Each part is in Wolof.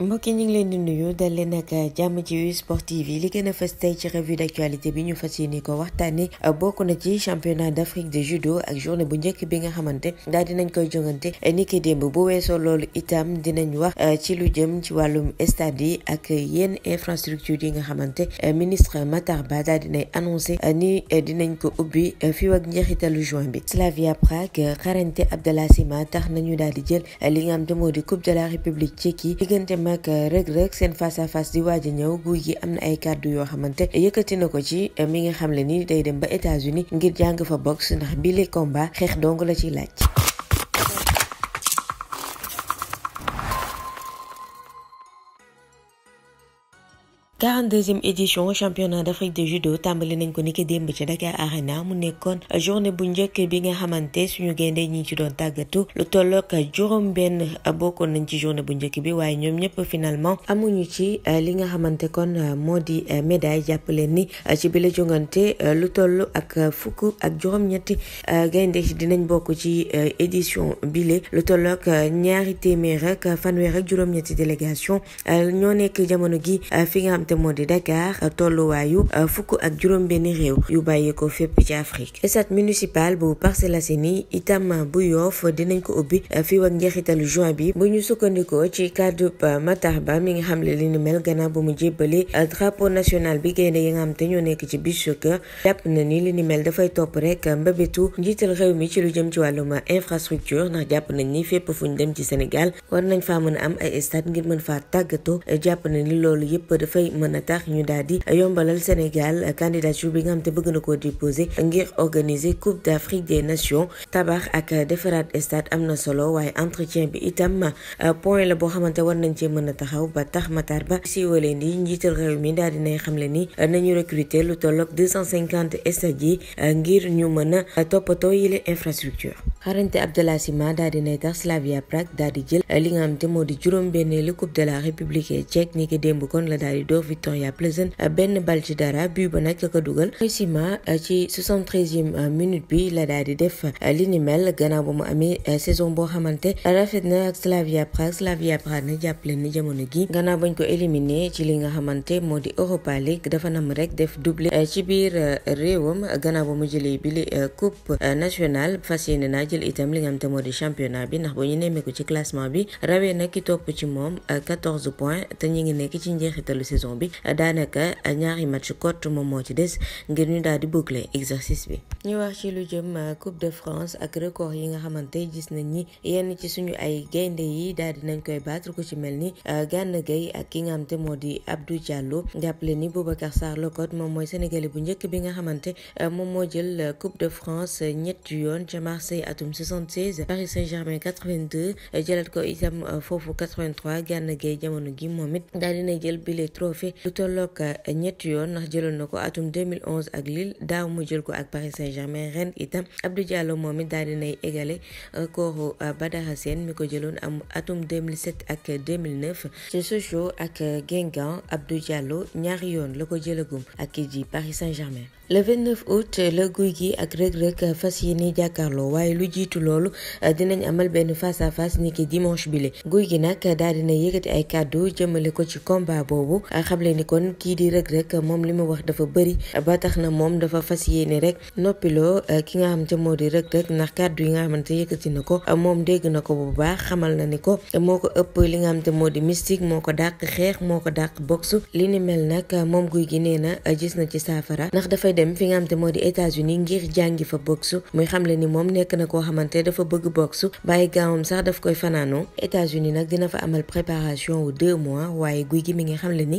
mbokk yi ñu ngi leen di nuyu dal leen ak jàmm ci sport TV li gën a fës tey ci revue d' actualité bi ñu fas yéene ko waxtaanee bokk na ci championnat d' Afrique de judo ak journée bu njëkk bi nga xamante daal dinañ koy jongante ni ki démb bu weesoo loolu itam dinañ wax eh, ci lu jëm ci wàllum stade yi ak yenn infrastructure yi nga xamante eh, ministre Matarba Ba daal dinay annoncé eh, ni dinañ ko ubbi fi ak njeexitalu juin bi Slavia Prague xarante Abdallah Sima tax nañu daal di jël li nga xam te moo di coupe de la république tchèque yi diggante ak rëg-rëg seen face à face di waaj ñëw guy gi am na ay kàddu yoo xamante yëkkati na ko ci mi nga xam le ni day dem ba États-Unis ngir jàng fa boxe ndax bi le combat xeex dong la ciy laaj 42e édition championnat d'Afrique de judo tàmbali nañ ko niki Arena mu nekkoon journée bu Binghamante bi nga xamanté suñu gëndé ñi ci doon tagatu lu tollook juróom ben Pour nañ ci journée bi finalement amuñu ci euh, li nga xamanté kon euh, modi euh, médaille jàpp ni ci jongante lu tollu ak Fuku, ak juróom-ñetti dinañ ci édition bile lu tollook ñaari téeméer ak fanweer ñetti délégation ñoo nekk jamono gi xamante moo di Dakar tolluwaayu euh, fukk ak juróom-benni réew yu bàyyee ko fépp ci Afrique stade municipal bu Parcelles Assainies itam bu Yoff dinañ ko ubbi euh, fii ak njeexitalu juin bi bu ñu sukkandikoo ci kàddu euh, Matar Ba mi ngi xam ne li ni mel gannaaw bu mu jébbali drapeau national bi gaynde yi xam te ñoo nekk ci beach soccer jàpp na ni li ni mel dafay topp rek mbébétu njiital réew mi ci lu jëm ci wàllum infrastructure ndax jàpp nañ ni fépp fu ñu dem ci Sénégal war nañ faa mën am ay stade ngir mën faa tàggatoo jàpp mën a tax ñu daal di yombalal Sénégal candidature bi nga xam te bëgg na koo déposer ngir organiser coupe d'Afrique des nations tabax ak defaraat stade am na solo waaye entretien bi itam euh, point la boo xamante war nañ cee mën a taxaw ba tax Matar Ba siiwalee ni njiital réew mi daal dinay xamle ni euh, nañu recruter lu tolloog deux cent cinquante stade euh, ngir ñu mën a toppatoo yile infrastructure xarante Abdallah Sima daal dinay tax Slavia Prague daal di jël li nga xam te moo di juróom-benneelu coupe de la République tchèque ni démb kon la daal di dóor Victoria Pleasant ben bal ci dara bu ba ka dugal Kouissima euh, ci 73e euh, minute bi la daal di def euh, li ni mel gannaaw bu mu amé saison bo xamanté rafet na ak Slavia Prague Slavia Prague na jàppale ni jamono gi gannaaw bañ ko éliminé ci li nga xamanté modi Europa League dafa nam rek def doublé ci bir réewam gannaaw bu mu bi li coupe nationale fas yéene jël itam li nga xamanté modi championnat bi nak ba ñu ko ci classement bi rawee na ki top ci mom 14 points te ñi ngi nekk ci njeexitalu saison bi daanaka ñaari match kott moom moo ci des ngir ñu daal di boucler exercice bi. ñu wax ci lu jëm euh, Coupe de France ak record yi nga xamante gis nañ ni yenn ci suñu ay gaynde yi daal di nañ koy battre ku ci mel ni euh, Gana Gueye ak ki nga xamante moo di Abdou Diallo jàppale ni Boubacar Sarr Locotte moom mooy sénégalais bu njëkk bi nga xamante euh, moom moo jël Coupe de France ñett yoon ca Marseille atum 76 Paris Saint-Germain 82 jëlaat ko itam foofu 83 Gana Gueye gi moom it daal di lu tolloog eh, ñetti yoon ndax jëloon na ko atum 2011 ak Lille daaw mu jël ko ak Paris Saint-Germain ren itam Abdou Diallo moom it daal dinay égale eh, kooru eh, Badara Sène mi ko jëloon am atum 2007 ak 2009 ci Sochaux ak Guingamp Abdou Diallo ñaari yoon la ko jëlagum ak kii ji Paris Saint-Germain. le 29 août le guy gi ak rek rek fas yéene jàkkaarloo waaye lu jiitu loolu dinañ amal benn face à face ni ki dimanche bile guy gi nag daal dina yëkkati ay kàddu jëmale ko ci combat boobu xamle ni kon kii di Reug rek moom li mu wax dafa bëri ba tax na moom dafa fas yéene rek noppiloo eh, ki nga xam te moo di Reug Reug ndax kàddu yi nga xamante yëkkati na ko eh, moom dégg na ko bu baax xamal na ni ko eh, moo ko ëpp li nga xam te moo di mystique moo ko dàq xeex moo ko dàq boxe li ni mel nag moom guy gi na gis na ci saafara ndax dafay dem fi moo di États-Unis ngir jàngi fa boxe muy xamle ni moom nekk na koo xamante dafa bëgg boxe bàyyi gaawam sax daf koy fanaanoo États-Unis nag dina fa amal préparation wu deux mois waaye guy gi mi ngi xamle ni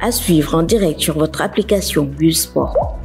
à suivre en direct sur votre application Busport.